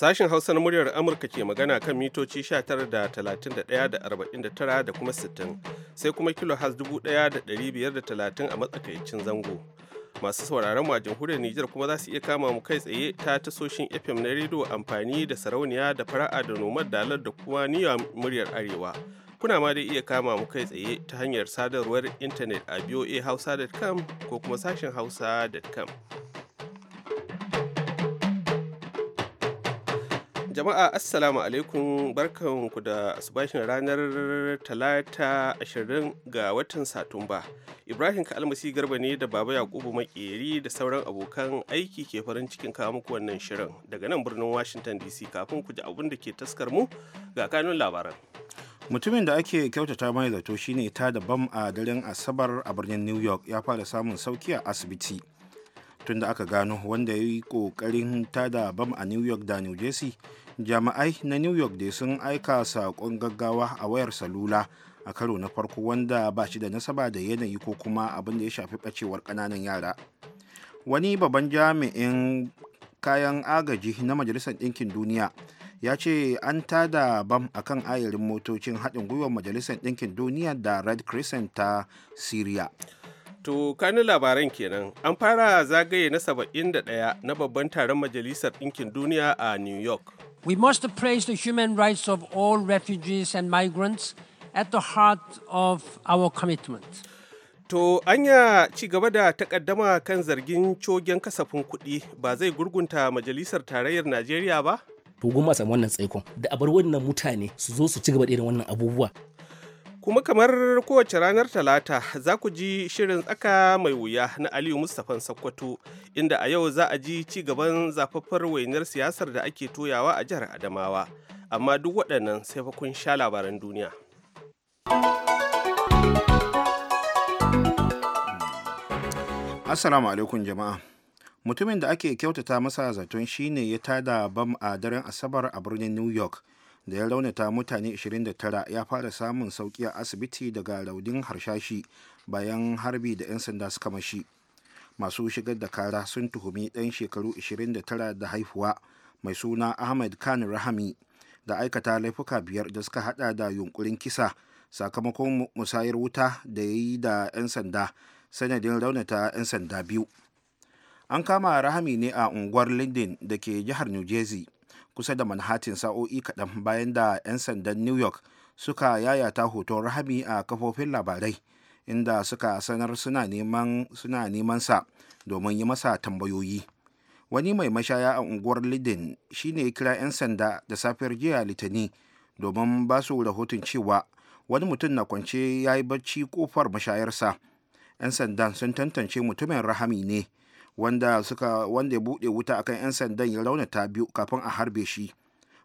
Sashen Hausa na muryar Amurka ke magana kan mitoci 19 da 31 da 49 da kuma 60 sai kuma kilo has 1530 a matsakaicin zango. Masu sauraron mu a jamhuriyar Nijar kuma za su iya kama mu kai tsaye ta tasoshin FM na rediyo amfani da sarauniya da fara'a da nomad dalar da kuma niyyar muryar Arewa. Kuna ma dai iya kama mu kai tsaye ta hanyar sadarwar intanet a boahausa.com ko kuma sashen hausa.com. jama'a assalamu alaikum barkanku da asibashin ranar talata 20 ga watan satumba ibrahim kalmasi garba ne da baba yakubu makeri da sauran abokan aiki ke farin cikin kawo muku wannan shirin daga nan birnin washington dc kafin ku ji abin da ke taskar mu ga kanun labaran mutumin da ake kyautata mai zato shine ta da bam a daren asabar a birnin new york ya fara samun sauki a asibiti tun da aka gano wanda ya yi kokarin tada bam a new york da new jersey jami'ai na new york dai sun aika saƙon gaggawa a wayar salula a karo na farko wanda ba shi da nasaba da yanayi ko kuma abin da ya shafi bacewar ƙananan yara wani babban jami'in kayan agaji na majalisar ɗinkin duniya ya ce an tada bam a kan ayarin motocin haɗin gwiwar majalisar ɗinkin duniya da red crescent ta syria to kanin labaran kenan an fara zagaye na 71 na babban taron majalisar ɗinkin duniya a new york We must place the human rights of all refugees and migrants at the heart of our commitment. To anya ci gaba da takaddama kan zargin cogen kasafin kuɗi ba zai gurgunta majalisar tarayyar Najeriya ba? To goma samu wannan tsaikon da abar wannan mutane su zo su ci gaba da irin wannan abubuwa. kuma kamar kowace ranar talata za ku ji shirin tsaka mai wuya na aliyu mustapha sakkwato inda a yau za a ji ci gaban zafaffar wainar siyasar da ake toyawa a jihar adamawa amma duk waɗannan sai fa kun sha labaran duniya assalamu alaikum jama'a mutumin da ake kyautata masa zaton shine ya tada bam a daren asabar a birnin new york da ya raunata mutane 29 ya fara samun sauki a asibiti daga raudin harshashi bayan harbi da 'yan sanda suka mashi masu shigar da kara sun tuhumi ɗan shekaru 29 da haifuwa mai suna ahmed khan rahami da aikata laifuka biyar da suka hada da yunkurin kisa sakamakon musayar wuta da ya yi da 'yan sanda sanadin raunata 'yan sanda biyu an kama rahami ne a unguwar linden da ke jihar new jersey kusa da manhattan sa'o'i kaɗan bayan da 'yan sandan new york suka yayata hoton rahami a kafofin labarai inda suka sanar suna neman suna neman sa domin yi masa tambayoyi wani mai mashaya a unguwar lidin shine ya kira 'yan sanda da safiyar jiya litani domin ba su rahoton cewa wani mutum na kwance ya yi barci kofar mashayarsa 'yan sandan sun tantance mutumin rahami ne wanda suka wanda ya buɗe wuta akan 'yan sandan ya raunata biyu kafin a harbe shi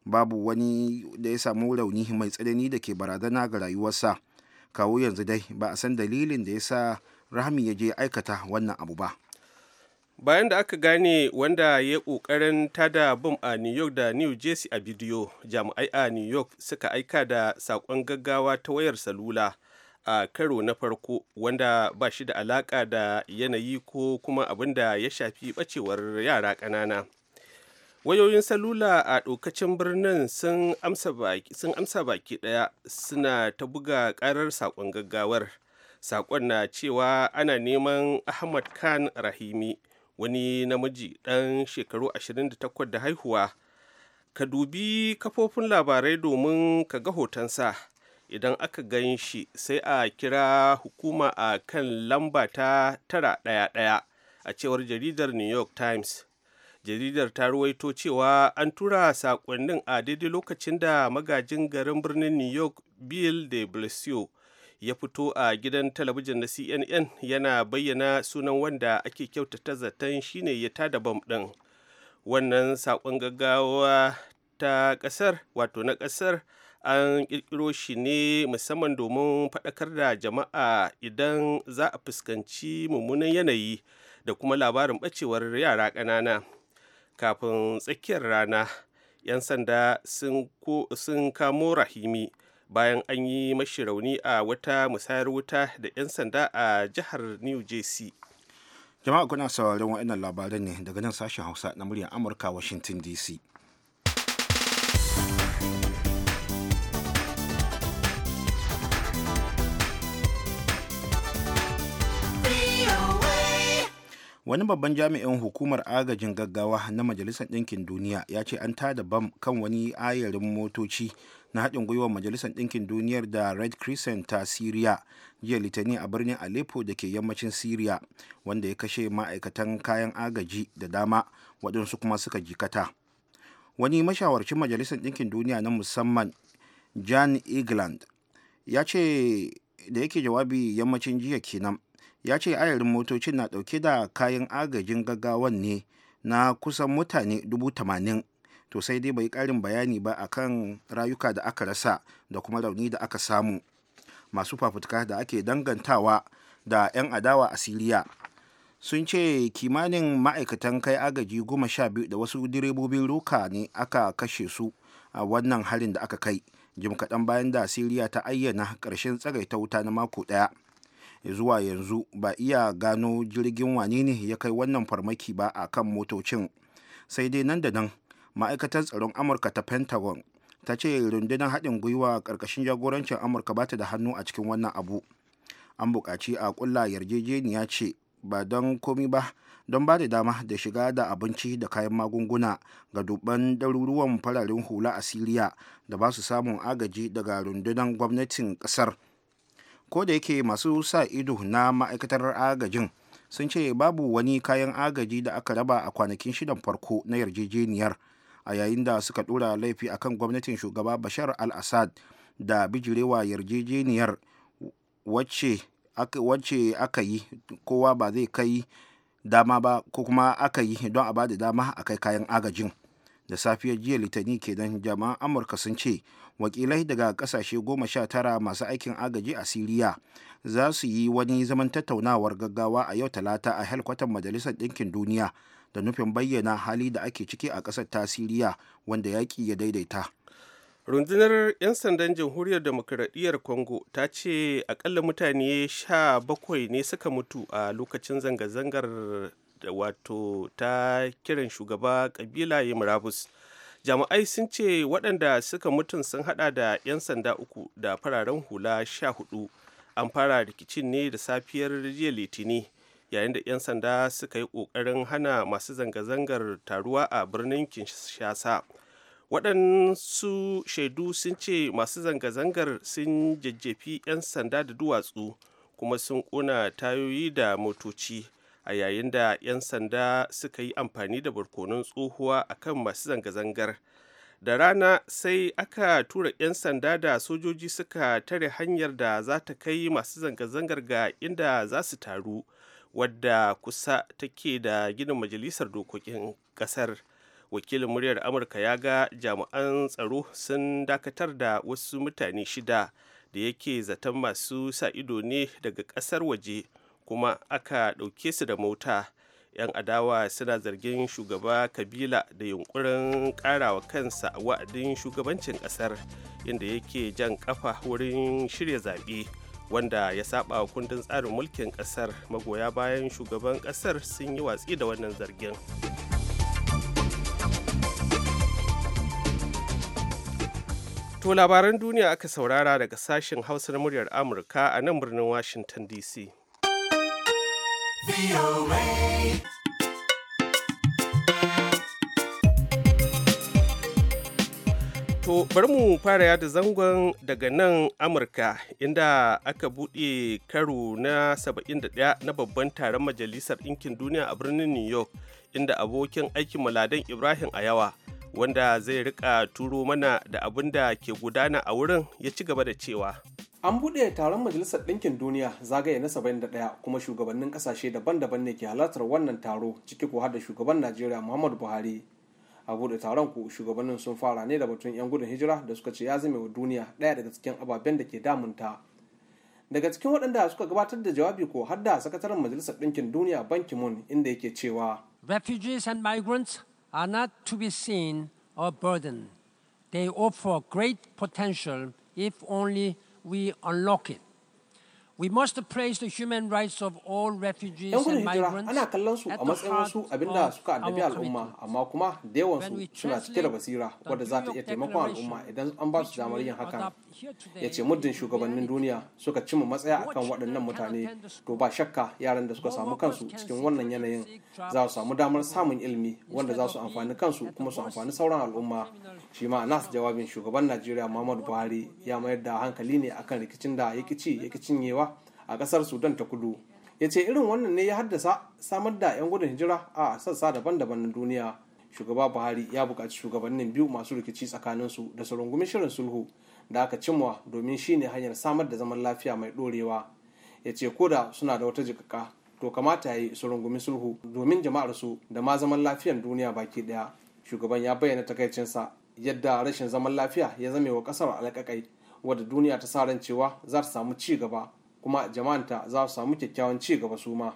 babu wani da ya samu rauni mai tsanani da ke barazana ga rayuwarsa kawo yanzu dai ba a san dalilin da ya sa rahmi ya je aikata wannan abu ba bayan da aka gane wanda ya kokarin tada bom a new york da new jersey a bidiyo jami'ai a new york suka aika da sakon gaggawa ta wayar salula a karo na farko wanda ba shi da alaka da yanayi ko kuma abin da ya shafi bacewar yara ƙanana wayoyin salula a ɗokacin birnin sun amsa baki ɗaya suna ta buga ƙarar saƙon gaggawar saƙon na cewa ana neman ahmad khan rahimi wani namiji ɗan shekaru 28 da haihuwa ka dubi kafofin labarai domin ka ga hotonsa idan aka gan shi sai a kira hukuma a kan lamba ta tara ɗaya ɗaya a cewar jaridar new york times jaridar ta ruwaito cewa an tura saƙonnin a daidai lokacin da magajin garin birnin new york bill de blasio ya fito a gidan talabijin na cnn yana bayyana sunan wanda ake kyautata zaton shine ya tada bam ɗin wannan saƙon gaggawa ta ƙasar wato na ƙasar an ƙirƙiro shi ne musamman domin faɗakar da jama'a idan za a fuskanci mummunan yanayi da kuma labarin ɓacewar yara ƙanana kafin tsakiyar rana 'yan sanda sun kamo rahimi bayan an yi mashi rauni a wata musayar wuta da 'yan sanda a jihar new jersey jama'a kuna sauraron wa'annan labaran ne daga nan sashen hausa na muryar amurka washington dc wani babban jami'in hukumar agajin gaggawa na majalisar ɗinkin duniya ya ce an tada bam kan wani ayarin motoci na haɗin gwiwar majalisar ɗinkin duniyar da red crescent ta syria jiya litani a birnin aleppo da ke yammacin syria wanda ya kashe ma'aikatan kayan agaji da dama waɗansu kuma suka jikata wani mashawarcin majalisar ɗinkin duniya na musamman jan england ya ce da yake jawabi yammacin jiya kenan ya ce ayarin motocin na dauke da kayan agajin gaggawan ne na kusan mutane dubu to sai dai bai karin bayani ba a kan rayuka da aka rasa da kuma rauni da aka samu masu fafutuka da ake dangantawa da 'yan adawa a siriya sun ce kimanin ma'aikatan kai agaji goma sha biyu da wasu direbobin roka ne aka kashe su a wannan harin da aka kai jim kaɗan bayan da siriya ta ayyana ƙarshen tsagaita wuta na mako ɗaya zuwa yanzu ba iya gano jirgin wani ne ya kai wannan farmaki ba a kan motocin sai dai nan da nan ma'aikatar tsaron amurka ta pentagon ta ce rundunar haɗin gwiwa ƙarƙashin jagorancin amurka ba ta da hannu a cikin wannan abu an buƙaci a ƙulla yarjejeniya ce ba don komi ba don ba da dama da shiga da abinci da kayan magunguna ga dubban ɗaruruwan fararen hula a siriya da ba su samun agaji daga rundunar gwamnatin ƙasar. ko da yake masu sa ido na ma'aikatar agajin sun ce babu wani kayan agaji da aka raba a kwanakin shidan farko na yarjejeniyar a yayin da suka dora laifi akan gwamnatin shugaba bashar al-assad da bijirewa yarjejeniyar wacce aka yi kowa ba zai kai dama ba ko kuma aka yi don a ba da dama a kai kayan agajin da safiyar jiya litani kenan jama'an amurka sun ce wakilai daga kasashe goma sha tara masu aikin agaji a siriya za su yi wani zaman tattaunawar gaggawa a yau talata a helkwatar majalisar ɗinkin duniya da nufin bayyana hali da ake ciki a ƙasar ta siriya wanda yaƙi ya daidaita rundunar 'yan sandan jamhuriyar demokuraɗiyyar congo ta ce akalla mutane sha bakwai ne suka mutu a lokacin zanga-zangar wato ta kiran shugaba kabila ya murabus jami'ai sun ce waɗanda suka mutum sun hada da 'yan sanda uku da fararen hula sha hudu an fara rikicin ne da safiyar jiya litini yayin da 'yan sanda suka yi ƙoƙarin hana masu zanga-zangar taruwa a birnin kinshasa waɗansu shaidu sun ce masu zanga-zangar sun jajjefi 'yan sanda da duwatsu kuma sun ƙona tayoyi da motoci a yayin da 'yan sanda suka yi amfani da barkonon tsohuwa a kan masu zanga-zangar da rana sai aka tura 'yan sanda da sojoji suka tare hanyar da za ta kai masu zanga-zangar ga inda za su taru wadda kusa take da ginin majalisar dokokin kasar wakilin muryar amurka ya ga jami'an tsaro sun dakatar da wasu mutane shida da yake zaton masu sa ido ne daga kasar waje kuma aka ɗauke su da mota 'yan adawa suna zargin shugaba kabila da yunkurin karawa kansa a wa'adin shugabancin ƙasar, inda yake jan ƙafa wurin shirya zaɓe wanda ya saba kundin tsarin mulkin ƙasar, magoya bayan shugaban ƙasar sun yi watsi da wannan zargin to labaran duniya aka saurara daga sashen hausa na muryar amurka a nan birnin washington dc To bari mu fara yada zangon daga nan Amurka inda aka buɗe karo na 71 na babban taron Majalisar Ɗinkin Duniya a birnin New York inda abokin aikin Maladan Ibrahim Ayawa wanda zai riƙa turo mana da abin da ke gudana a wurin ya ci gaba da cewa. An buɗe taron Majalisar Ɗinkin Duniya zagaye na 71 kuma shugabannin ƙasashe daban-daban ne ke halartar wannan taro ciki ko da shugaban Najeriya Muhammadu Buhari. A buɗe taron ku shugabannin sun fara ne da batun 'yan gudun hijira da suka ce ya zame wa duniya ɗaya daga cikin ababen da ke damunta. Daga cikin waɗanda suka gabatar da jawabi ko har da sakataren Majalisar Ɗinkin Duniya Ban ki inda yake cewa. Refugees and migrants are not to be seen or burden. They offer great potential if only we unlock it. We must place the human rights of all refugees and migrants ana kallon su a matsayin wasu abinda suka addabi al'umma amma kuma da yawan su suna cike da basira wadda za ta iya taimakon al'umma idan an ba su damar yin hakan. ya ce muddin shugabannin duniya suka cima matsaya akan waɗannan mutane to ba shakka yaran da suka samu kansu cikin wannan yanayin za su samu damar samun ilimi wanda za su amfani kansu kuma su amfani sauran al'umma shi ma nasu jawabin shugaban najeriya muhammadu buhari ya mayar da hankali ne akan rikicin da ya ci ya cinyewa a ƙasar sudan ta kudu ya ce irin wannan ne ya haddasa samar da 'yan gudun hijira a sassa daban-daban na duniya shugaba buhari ya buƙaci shugabannin biyu masu rikici tsakaninsu da su rungumi shirin sulhu da aka cimwa domin shi ne hanyar samar da zaman lafiya mai ɗorewa ya ce ko da suna da wata jikaka to kamata ya yi su rungumi sulhu domin jama'arsu da ma zaman lafiyar duniya baki ɗaya shugaban ya bayyana takaicinsa yadda rashin zaman lafiya ya zame wa ƙasar alƙaƙai wadda duniya ta sa ran cewa za ta samu ci gaba kuma jama'anta za su samu kyakkyawan ci gaba su ma.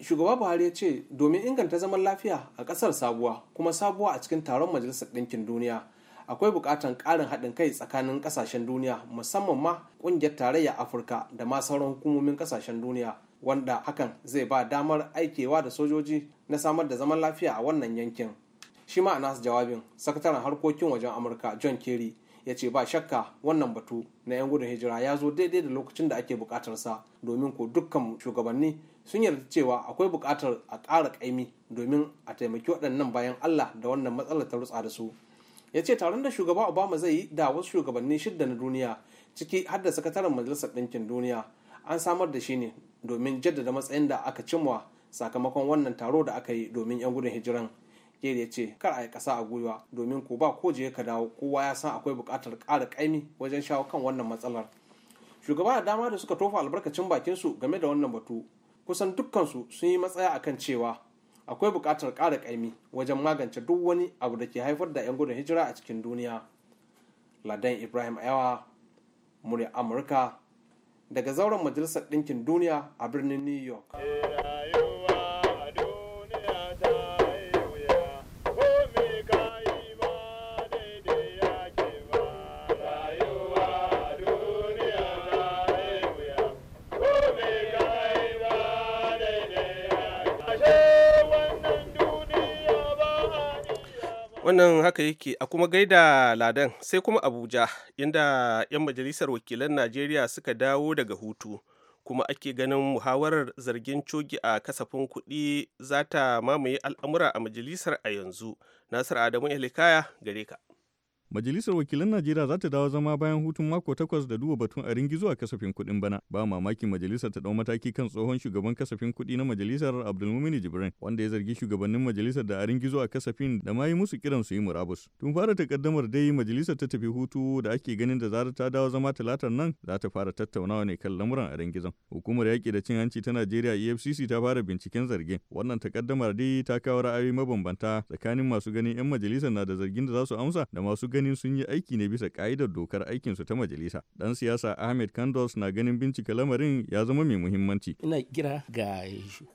shugaba buhari ya ce domin inganta zaman lafiya a kasar sabuwa kuma sabuwa a cikin taron majalisar ɗinkin duniya akwai bukatan ƙarin haɗin kai tsakanin ƙasashen duniya musamman ma ƙungiyar tarayya afirka da ma sauran hukumomin ƙasashen duniya wanda hakan zai ba damar aikewa da sojoji na samar da zaman lafiya a wannan yankin shi ma a nasu jawabin sakataren harkokin wajen amurka john kerry ya ce ba shakka wannan batu na 'yan gudun hijira ya zo daidai da lokacin da ake bukatarsa domin ko dukkan shugabanni sun yarda cewa akwai bukatar a ƙara ƙaimi domin a taimaki waɗannan bayan allah da wannan matsalar ta rutsa da su ya ce taron da shugaba obama zai yi da wasu shugabanni shidda na duniya ciki har da sakataren majalisar ɗinkin duniya an samar da shi ne domin jaddada matsayin da aka cimwa sakamakon wannan taro da aka yi domin 'yan gudun hijiran Gere ya ce kar a yi kasa a gwiwa domin ko ba ko je ka dawo kowa ya san akwai bukatar ƙara ƙaimi wajen shawo kan wannan matsalar. Shugaba da dama da suka tofa albarkacin bakinsu game da wannan batu kusan dukkansu sun yi matsaya akan cewa akwai buƙatar ƙara ƙaimi wajen magance duk wani abu da ke haifar da 'yan gudun hijira a cikin duniya ladan ibrahim ayawa murya amurka daga zauren majalisar ɗinkin duniya a birnin new york wannan haka yake a kuma gaida ladan sai kuma abuja inda 'yan majalisar wakilan najeriya suka dawo daga hutu kuma ake ganin muhawarar zargin cogi a kasafin kuɗi za ta mamaye al'amura a majalisar a yanzu nasir adamu likaya gare ka Majalisar Wakilan Najeriya za ta dawo zama bayan hutun mako takwas da duba batun a ringizo a kasafin kuɗin bana. Ba mamakin majalisar ta ɗau mataki kan tsohon shugaban kasafin kuɗi na majalisar Abdulmumini Jibrin wanda ya zargi shugabannin majalisar da a ringizo a kasafin da ma yi musu kiran su yi murabus. Tun fara takaddamar dai majalisar ta tafi hutu da ake ganin da zarar ta dawo zama talatar nan za ta fara tattaunawa ne kan lamuran a ringizon. Hukumar yaƙi da cin hanci ta Najeriya EFCC ta fara binciken zargin. Wannan takaddamar dai ta kawo ra'ayi mabambanta tsakanin masu ganin 'yan majalisar na da zargin da za su amsa da masu ganin sun yi aiki ne bisa ka'idar dokar aikinsu ta majalisa. Dan siyasa Ahmed Kandos na ganin bincika lamarin ya zama mai muhimmanci. Ina kira ga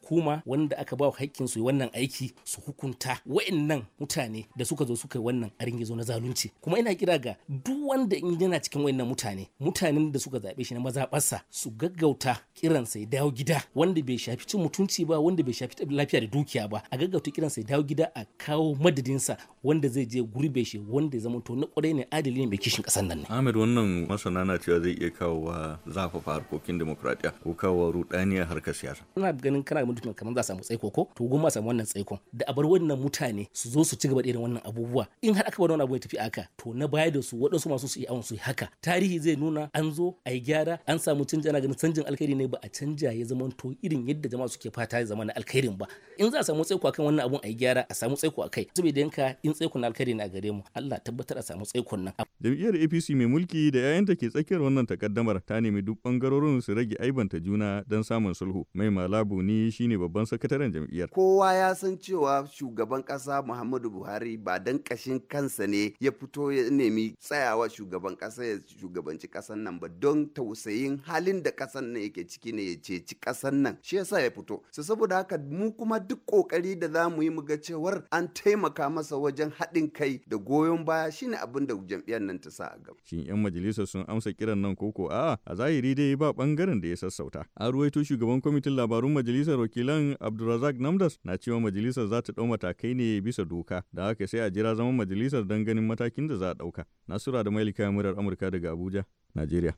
kuma wanda aka ba hakkin su wannan aiki su hukunta wa'annan mutane da suka zo suka yi wannan gizo na zalunci. Kuma ina kira ga duk wanda in yana cikin wa'annan mutane, mutanen da suka zaɓe shi na mazaɓarsa su gaggauta kiransa ya dawo gida wanda bai shafi cin mutunci ba wanda bai shafi lafiya da dukiya ba a gaggauta kiransa ya dawo gida a kawo madadinsa wanda zai je gurbe shi wanda ya zama wato na kwarai ne adali ne mai kishin kasan nan ne Ahmed wannan masana na cewa zai iya kawo wa zafafa harkokin demokradiya ko kawo rudani a harkar siyasa ina ganin kana mutum kamar za samu tsaiko ko to goma samu wannan tsaiko. da a bar wannan mutane su zo su ci gaba da irin wannan abubuwa in har aka bar wannan abu ya tafi aka to na baya da su waɗansu masu su yi awon su yi haka tarihi zai nuna an zo a yi gyara an samu canji ana ganin canjin alkhairi ne ba a canja ya zama to irin yadda jama'a suke fata ya zama na alkhairin ba in za a samu tsaiko akan wannan abun a yi gyara a samu tsaiko akai saboda yanka in tsaiko na alkhairi na gare mu Allah tabbatar a samu tsaikon nan. Jam'iyyar APC mai mulki da 'ya'yanta ke tsakiyar wannan takaddamar ta nemi duk bangarorin su rage aibanta juna don samun sulhu. Mai Malabu ni shine babban sakataren jam'iyyar. Kowa ya san cewa shugaban kasa Muhammadu Buhari ba dan kashin kansa ne ya fito ya nemi tsayawa shugaban kasa ya shugabanci kasan nan ba don tausayin halin da kasan nan yake ciki ne ya ceci kasan nan shi yasa ya fito. Su saboda haka mu kuma duk kokari da za mu yi mu ga cewar an taimaka masa wajen haɗin kai da goyon baya shi shine abin da jam'iyyar nan ta sa a gaba shin yan majalisar sun amsa kiran nan koko a a zahiri dai ba bangaren da ya sassauta a ruwaito shugaban kwamitin labarun majalisar wakilan abdulrazak namdas na cewa majalisar za ta dau matakai ne bisa doka da haka sai a jira zaman majalisar don ganin matakin da za a dauka nasura da mailika murar amurka daga abuja najeriya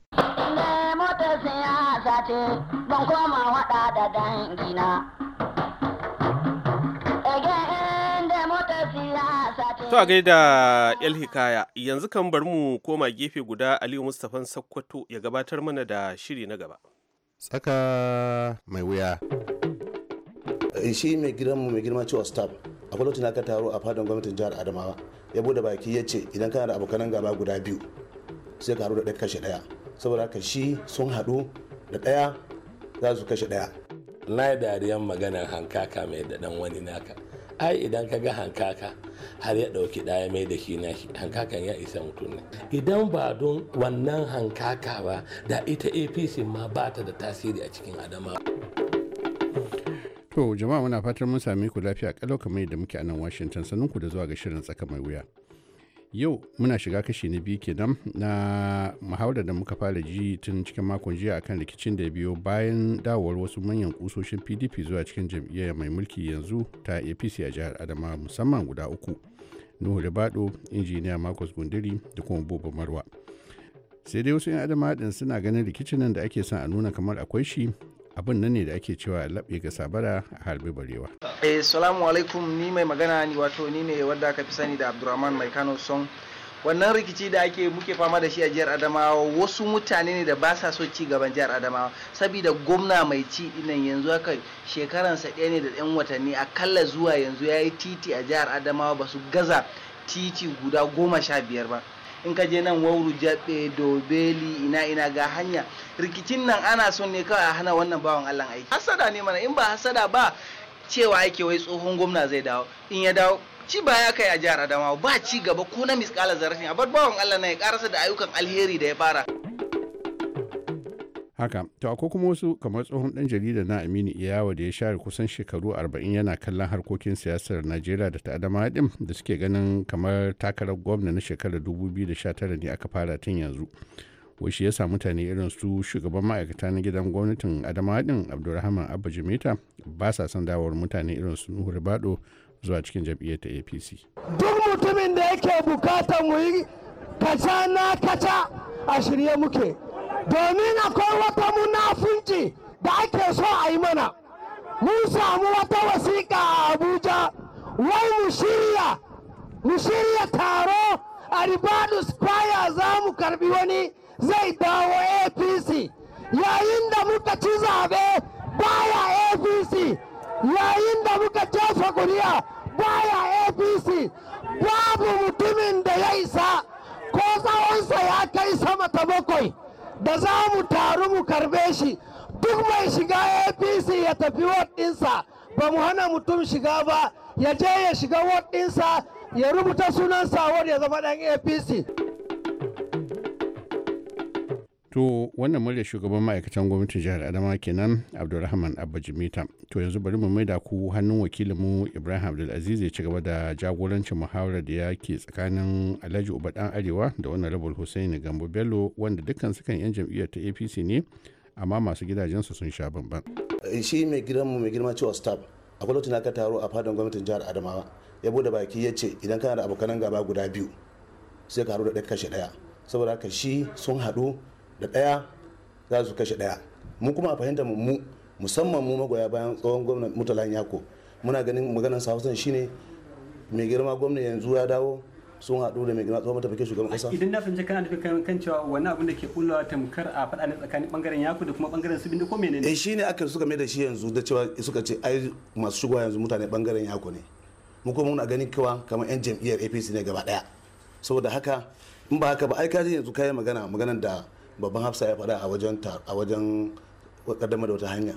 motar siyasa ce don koma wada da dangina To a gaida El Hikaya, yanzu kan bar mu koma gefe guda Aliyu Mustapha Sakkwato ya gabatar mana da shiri na gaba. Tsaka mai wuya. Eh, shi mai mu mai girma cewa staff, a lokacin ta taro a fadon gwamnatin jihar Adamawa, ya bude baki ya ce idan kana da abokanan gaba guda biyu sai ka haru da ɗaya kashe ɗaya. Saboda haka shi sun haɗu da ɗaya za su kashe ɗaya. Na yi dariyan maganar hankaka mai da ɗan wani naka. ai idan ka ga hankaka har ya ɗauki ɗaya mai da shi nashi hankakan ya isa mutum ne idan ba don wannan hankaka ba da ita apc ma ba ta da tasiri a cikin adama to jama'a muna fatan mun sami ku lafiya kalau kamar yadda muke a nan washington sanin ku da zuwa ga shirin tsaka mai wuya yau muna shiga kashi na biyu kenan na muhawarar da muka fara ji tun cikin makon jiya akan rikicin da biyo bayan dawowar wasu manyan kusoshin pdp zuwa cikin jam'iyyar mai mulki yanzu ta apc a jihar adama musamman guda uku nuhu ribado injiniya marcus gundiri da kuma bobo marwa sai dai wasu 'yan adama din suna ganin rikicin nan da ake son a nuna kamar akwai shi abin nan ne da ake cewa labe ga sabara a harbi barewa. eh salamu alaikum ni mai magana ni wato ni ne wadda aka fi sani da abdurrahman mai kano son wannan rikici da ake muke fama da shi a jihar adamawa wasu mutane ne da ba sa so ci gaban jihar adamawa saboda gwamna mai ci dinnan yanzu haka shekaransa ɗaya ne da ɗan watanni akalla zuwa yanzu ya yi titi a jihar adamawa ba su gaza titi guda goma sha biyar ba in ka je nan wauru jaɓe dobeli ina ina ga hanya rikicin nan ana son ne kawai a hana wannan bawan allah aiki hasada ne mana in ba hasada ba cewa ake wai tsohon gwamna zai dawo in ya dawo ci ba ya kai a jihar adamawa ba ci gaba ko na miskala zarafin a bar bawan allah na ya karasa da ayyukan alheri da ya fara haka to akwai kuma wasu kamar tsohon dan jarida na aminu iyawa da ya share kusan shekaru 40 yana kallon harkokin siyasar najeriya da ta adama din da suke ganin kamar takarar gwamna na shekarar 2019 ne aka fara tun yanzu wai shi yasa mutane irin su shugaban ma'aikata na gidan gwamnatin adama din abdulrahman abba jimeta ba sa son dawowar mutane irin su nuhu ribado zuwa cikin jam'iyyar ta apc duk mutumin da yake bukatan mu yi kaca na kaca a shirye muke domin akwai wata munafunci da ake so a yi mana mun samu wata wasiƙa a abuja wai mu shirya mu shirya taro a ribadu spire za mu karbi wani zai dawo apc yayin da muka ci zaɓe baya apc yayin da muka jefa kuri'a baya apc babu mutumin da ya isa ko tsawonsa ya kai sama ta bakwai da za mu taru mu karbe shi duk mai shiga apc ya tafi wadinsa ɗinsa ba mu hana mutum shiga ba ya je ya shiga wadinsa ɗinsa ya rubuta sunan sawar ya zama ɗan apc To wannan murya shugaban ma'aikatan gwamnatin jihar Adama kenan Abdulrahman Abba Jimita. To yanzu bari mu maida ku hannun wakilinmu Ibrahim Abdulaziz ya ci gaba da jagorancin muhawarar da yake tsakanin Alhaji Uba dan Arewa da wannan rabul Hussaini Gambo Bello wanda dukkan sukan yan jam'iyyar ta APC ne amma masu gidajensu sun sha bamban. Shi mai mu mai girma cewa staff a lokacin aka taro a fadan gwamnatin jihar Adamawa ya bude baki ya ce idan kana da abokanan gaba guda biyu sai ka haɗu da ɗaya kashe ɗaya saboda haka shi sun haɗu da ɗaya za su kashe ɗaya mu kuma a fahimta mu musamman mu magoya bayan tsohon gwamnan mutalan yako muna ganin maganar sausan shine mai girma gwamnan yanzu ya dawo sun haɗu da mai girma tsohon matafakin shugaban kasa idan na fahimci kana nufin kan cewa wani abin da ke kullawa tamkar a faɗa ne tsakanin bangaren yako da kuma bangaren su ko menene eh shine aka suka mai da shi yanzu da cewa suka ce ai masu shigowa yanzu mutane bangaren yako ne mu kuma muna ganin kawa kamar yan jam'iyyar APC ne gaba daya saboda haka in ba haka ba ai kaji yanzu kayan magana maganar da babban hafsa ya faɗa a wajen a wajen kaddamar da wata hanya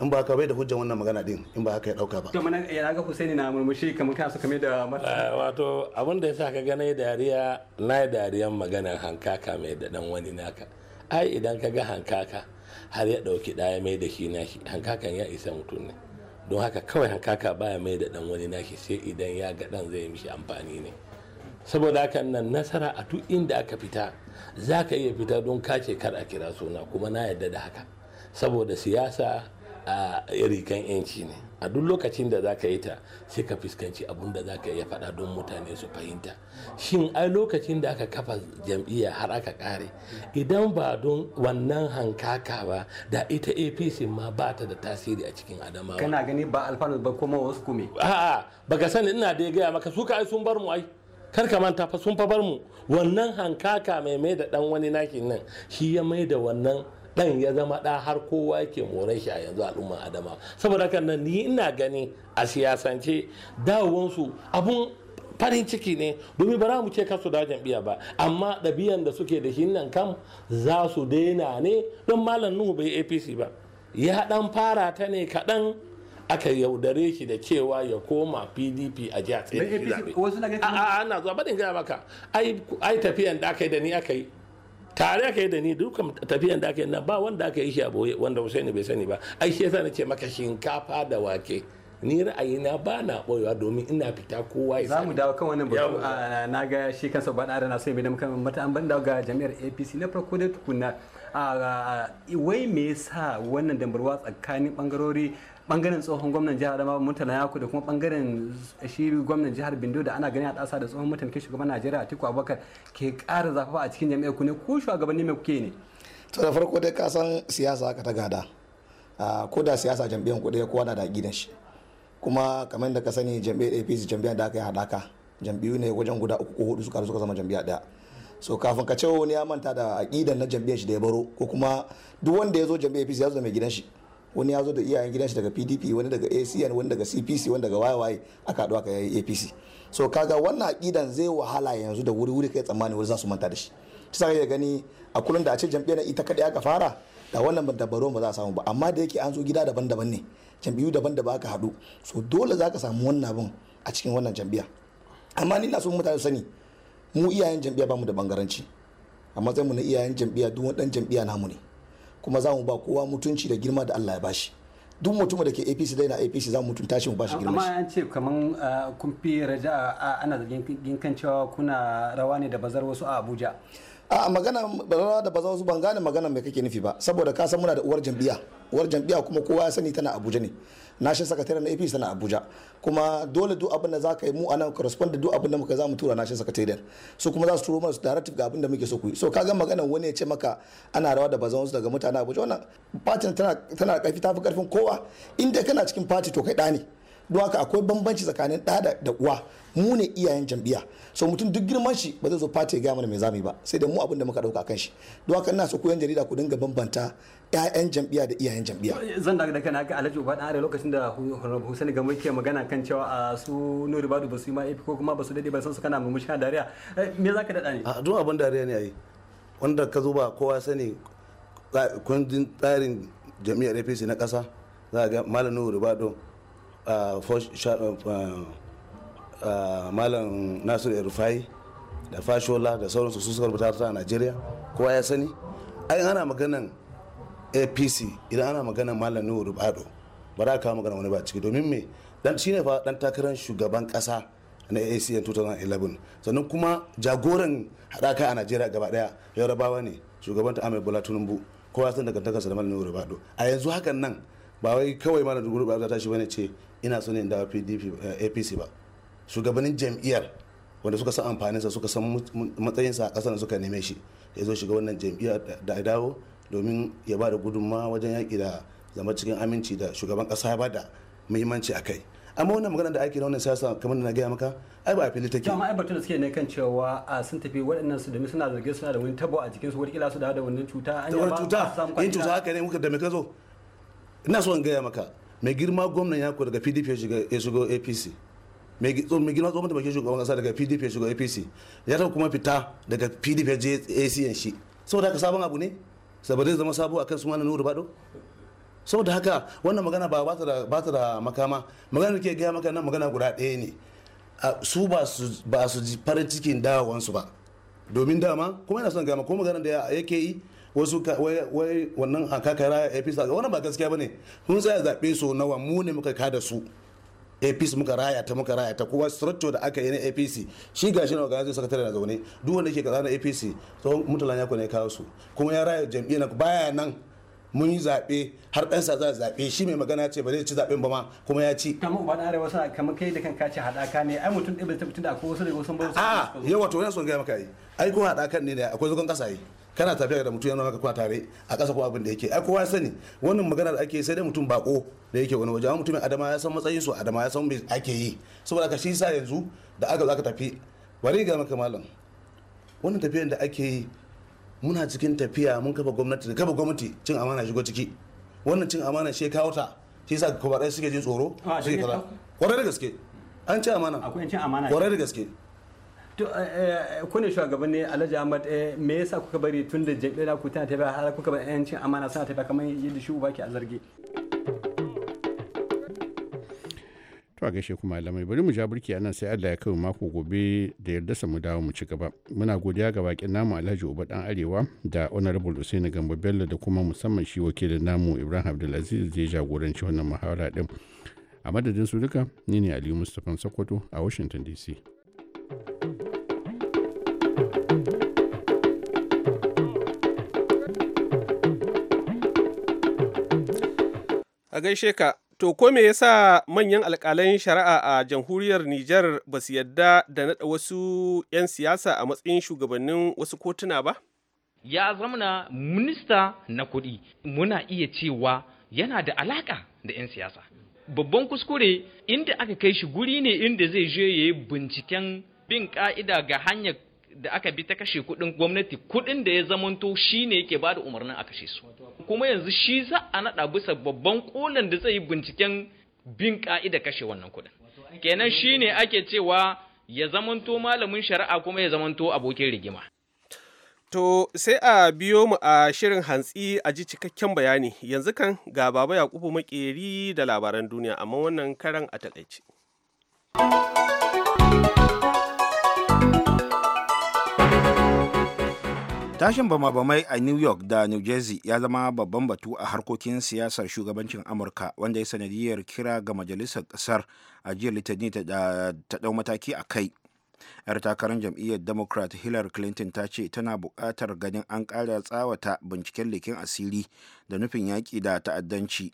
in ba ka bai da hujjan wannan magana din in ba haka ya dauka ba to mana ya ga Husaini na murmushi kamar kana so kame da eh, wato abin da yasa ka gane dariya na dariyan maganar hankaka mai da dan wani naka ai idan ka ga hankaka har ya dauki daya mai da shi nashi hankakan ya isa mutum ne don haka kawai hankaka baya mai da dan wani nashi sai idan ya ga dan zai mishi amfani ne saboda haka nan nasara a duk inda aka fita za ka iya fita don kace kar a kira suna kuma na yadda da haka saboda siyasa a rikan yanci ne a duk lokacin da za ka yi ta sai ka fuskanci abun da za ka iya faɗa don mutane su fahimta shin ai lokacin da aka kafa jam'iyya har aka kare idan ba don wannan hankaka ba da ita apc ma ba ta da tasiri a cikin adamawa kana gani ba alfanus ba kuma wasu kume a'a baka sani ina da ya gaya maka suka ai sun bar mu ai kar ka manta fa sun fa bar mu wannan hankaka mai mai da dan wani naki nan shi ya mai da wannan dan ya zama da har kowa yake more shi a yanzu al'umma adama saboda haka nan ni ina gani a siyasance su abun farin ciki ne domin ba mu ce kasu da jam'iyya ba amma ɗabi'an da suke da shi nan kam za su daina ne don malam nuhu bai apc ba ya dan fara ta ne kaɗan aka yaudare shi da cewa ya koma pdp a jiya tsaye da shi zaɓe a ana zuwa baɗin gaya maka ai tafiyan da aka yi da ni aka yi tare aka yi da ni dukkan tafiyan da aka yi na ba wanda aka yi shi a boye wanda Hussein bai sani ba ai shi yasa ce maka shinkafa da wake ni na ba na boyewa domin ina fita kowa ya sani. dawo kan wannan batu na ga shi kansa ba da na sai mai damkan mata an ban dawo ga jami'ar apc na farko da tukuna wai me yasa wannan dambarwa tsakanin bangarori bangaren tsohon gwamnan jihar adamawa murtala yaku da kuma bangaren shi gwamnan jihar bindo da ana gani a ɗasa da tsohon mataimakin shugaban najeriya atiku abubakar ke ƙara zafafa a cikin jami'ar ku ne ko shugabanni mai kuke ne to da farko dai ka san siyasa ka ta gada ko da siyasa jam'iyyar ku ɗaya kowa na da gidan shi kuma kamar da ka sani jam'iyyar apc jam'iyyar da aka yi haɗaka jam'iyyu ne wajen guda uku ko hudu suka suka zama jam'iyya ɗaya so kafin ka ce wani ya manta da aƙidan na jam'iyyar shi da ya baro ko kuma duk wanda ya zo jam'iyyar apc ya zo mai gidan shi wani ya zo da iyayen gidan shi daga pdp wani daga acn wani daga cpc wani daga YY aka kaɗuwa aka yi apc so kaga wannan aƙidan zai wahala yanzu da wuri wuri kai tsammani wani za su manta da shi shi sa gani a kullum da a ce jam'iyyar na ita kaɗai aka fara da wannan dabaru ba za a samu ba amma da yake an zo gida daban-daban ne jam'iyyu daban-daban aka haɗu so dole za ka samu wannan abin a cikin wannan jam'iyya amma ni na so mutane sani mu iyayen jam'iyya ba mu da bangaranci a matsayin mu na iyayen jam'iyya duk wani dan jam'iyya namu ne kuma za mu ba kowa mutunci da girma da Allah ya bashi duk mutumin da ke apc dai na apc za mu mutunta shi mu bashi girma amma an ce kaman ah, kun fi raja ah, ana zargin kan cewa kuna rawa ne da bazar wasu a abuja a magana da ba su ban gane magana mai kake nufi ba saboda ka san muna da uwar jam'iyya uwar jam'iyya kuma kowa ya sani tana abuja ne nashin sakatare na apc tana abuja kuma dole duk abin da za ka yi mu anan correspond da duk abin da muka za mu tura nashin sakatare su kuma za su turo mana su directive ga abin da muke so ku yi so kaga magana wani ya ce maka ana rawa da bazan daga mutane abuja wannan party tana tana karfi tafi karfin kowa inda kana cikin fati to kai da ne don haka akwai bambanci tsakanin ɗa da uwa mu ne iyayen jam'iyya so mutum duk girman shi ba zai zo fata ya gaya mana mai zami ba sai da mu abin da muka dauka kan shi don haka ina so ku yan jarida ku dinga bambanta ƴaƴan jam'iyya da iyayen jam'iyya zan daga kana ka Alhaji Uba dan Arewa lokacin da Hussein ga ke magana kan cewa a ah, su Nuri Badu ba su yi ma ifi ko kuma ba su dade ba san su kana murmushi a dariya eh, me zaka dada ne a ah, duk abin dariya ne ai wanda ka zo ba kowa sani kundin tsarin jami'ar APC na ƙasa za ga Malam Nuri Badu malam nasiru irfai da fashola da sauransu su suka rubuta ta a najeriya kowa ya sani ai ana maganan apc idan ana maganan malam nuhu rubado ba za a kawo magana wani ba ciki domin me dan shine fa dan takarar shugaban kasa na acn 2011 sannan kuma jagoran haɗaka a najeriya gaba daya yarabawa ne shugaban ta amir bola tinubu kowa san daga takarsa da malam nuhu rubado a yanzu hakan nan ba wai kawai malam nuhu rubado ta shi bane ce ina so ne in dawo pdp eh, apc ba shugabannin jam'iyyar wanda suka san amfaninsa suka san matsayinsa a ƙasar suka neme shi ya zo shiga wannan jam'iyyar da dawo domin ya ba da gudunmawa wajen yaƙi da zama cikin aminci da shugaban ƙasa ya ba da muhimmanci a kai amma wannan magana da ake na wannan siyasa kamar da na gaya maka ai ba a fili take amma ai batun da suke ne kan cewa a sun tafi waɗannan su domin suna zargin suna da wani tabo a jikin su wani kila su da wani cuta an yi ba cuta in cuta haka ne muka da me ka zo ina so in gaya maka mai girma gwamnan ya daga pdp ya shigo apc mai girma tsohon mataimakin shugaban kasa daga pdp ya shigo apc ya taɓa kuma fita daga pdp ya je acn shi saboda haka sabon abu ne saboda zama sabo akan su mana nuru bado saboda haka wannan magana ba ba ta da makama magana ke gaya maka nan magana guda ɗaya ne su ba su farin cikin dawowansu ba domin dama kuma yana son gama ko magana da yake yi wasu wai wannan kakara apc wannan ba gaskiya ba ne sun a zaɓe su nawa mu ne muka kada su apc muka raya ta muka raya ta kowa structure da aka yi na apc shi ga shi na organizing secretary na zaune duk wanda ke kaza na apc tsohon mutalan yako ne kawo su kuma ya raya jam'iyya na baya nan mun yi zaɓe har sa za a zaɓe shi mai magana ce ba zai ci zaɓen ba ma kuma ya ci. kamar uba na arewa sa kamar kai da kan kace haɗaka ne ai mutum ɗaya bai tabbatar da akwai wasu da wasu ba. a yawa to wani son gaya maka yi ai ko haɗakan ne da akwai zagon ƙasa yi. kana tafiya da mutum yana maka kuna tare a ƙasa kuma abin da yake ai kowa sani wannan magana da ake sai dai mutum bako da yake wani waje amma mutumin adama ya san matsayin su adama ya san me ake yi saboda ka shi sa yanzu da aka zaka tafi bari ga maka malam wannan tafiyan da ake yi muna cikin tafiya mun kafa gwamnati da kafa gwamnati cin amana shigo ciki wannan cin amana shi kawo ta shi sa kuma suke jin tsoro ah, suke kaza kwarai da gaske an ci amana kwarai da gaske Eh, eh, kune ne alhaji ahmad eh, me yasa kuka bari tun da jam'iyyar ku tana tafiya har kuka bari yancin amana suna tafiya kamar yadda shi uba ke a zargi to a gaishe kuma malamai bari mu ja burki a nan sai Allah ya kai mako gobe da yarda mu dawo mu ci gaba muna godiya ga bakin namu Alhaji Uba dan Arewa da Honorable usaini Gambo Bello da kuma musamman shi wakilin namu Ibrahim Abdulaziz zai jagoranci wannan muhawara din a madadin su duka ni ne Aliyu Mustapha Sokoto a Washington DC A gaishe ka, to ko me yasa manyan alkalan shari'a a jamhuriyar Nijar ba su yadda da naɗa wasu 'yan siyasa a matsayin shugabannin wasu kotuna ba? Ya zamana minista na kuɗi muna iya cewa yana da alaƙa da 'yan siyasa. Babban kuskure inda aka kai shi guri ne inda zai je ya yi binciken bin ka'ida ga hanyar da aka bi ta kashe kuɗin gwamnati kuɗin da ya zamanto shi ne yake ba da umarnin a kashe su kuma yanzu shi za a naɗa bisa babban ƙunan da zai yi binciken bin ƙa'ida kashe wannan kuɗin kenan shi ne ake cewa ya zamanto malamin shari'a kuma ya zamanto abokin rigima To sai a biyo mu a shirin hantsi a ji cikakken bayani yanzu kan ga baba Yakubu makeri da labaran duniya amma wannan karan a takaice. tashin bama-bamai a new york da new jersey ya zama babban batu a harkokin siyasar shugabancin amurka wanda ya sanadiyar kira ga majalisar kasar a jiya litinin ta dau mataki a kai yar takarar jam'iyyar democrat hillary clinton ta ce tana buƙatar ganin an ƙara tsawata binciken leken asiri da nufin yaƙi da ta'addanci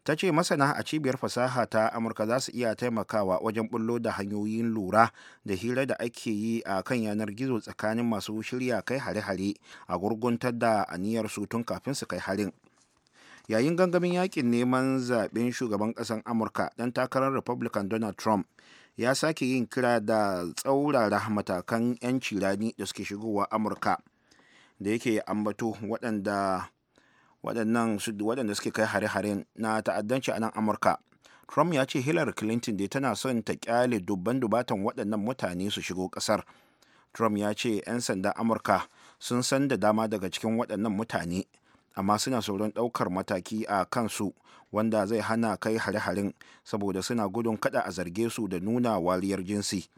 ta ce masana a cibiyar fasaha ta amurka za su iya taimakawa wajen bullo da hanyoyin lura da hira da ake yi a kan yanar gizo tsakanin masu shirya kai hare-hare a gurguntar da aniyar su tun kafin su kai harin yayin gangamin yakin neman zaben shugaban ƙasar amurka dan takarar republican donald trump ya sake yin kira da tsaurara matakan 'yanci rani da suke shigowa amurka da yake ambato waɗanda waɗannan waɗanda suke kai hare-haren na ta'addanci a nan amurka trump ya ce hillary clinton dai tana son ta kyale dubban dubatan waɗannan mutane su shigo ƙasar trump ya ce 'yan sandan amurka sun san da dama daga cikin waɗannan mutane amma suna sauran ɗaukar mataki a kansu wanda zai hana kai hare-haren saboda suna gudun kada a zarge su da nuna wariyar jinsi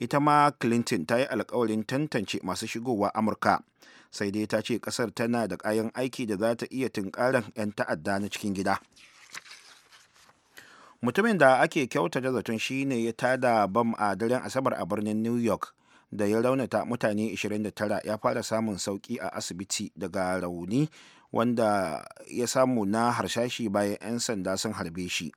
ita ma clinton ta yi alkawarin tantance masu shigowa amurka sai dai ta ce kasar tana da kayan aiki da za ta iya tunkaran 'yan ta'adda na cikin gida mutumin da ake kyautata zaton shine ya tada bam a daren asabar a birnin new york da ya raunata mutane 29 ya fara samun sauki a asibiti daga rauni wanda ya samu na harshashi bayan 'yan sanda sun harbe shi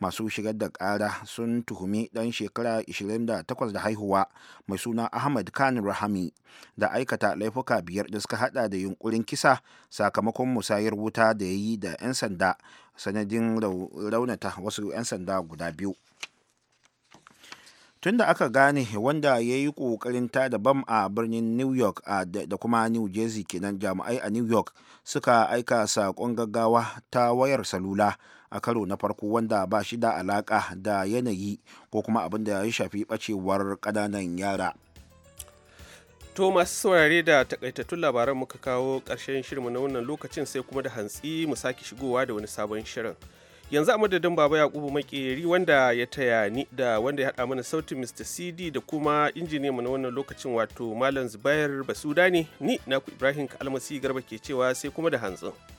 masu shigar da ƙara sun tuhumi ɗan shekara 28 da haihuwa mai suna ahmad khan rahami da aikata laifuka biyar da suka hada da yunkurin kisa sakamakon musayar wuta da ya yi da 'yan sanda sanadin raunata wasu 'yan sanda guda biyu tun da aka gane wanda ya yi ƙoƙarin tada bam a birnin new york a da kuma new jersey kenan jami'ai a new york suka aika saƙon gaggawa ta wayar salula a karo na farko wanda ba shi da alaƙa da yanayi ko kuma abin da ya shafi ɓacewar ƙananan yara to masu saurare da takaitattun labaran muka kawo ƙarshen shirinmu na wannan lokacin sai kuma da hantsi mu sake shigowa da wani sabon shirin. yanzu a madadin baba yakubu makeri wanda ya taya ni da wanda ya hada mana sautin mr cd da kuma injiniya mu na wannan lokacin wato malam zubair basuda ne ni naku ibrahim kalmasi garba ke cewa sai kuma da hantsin.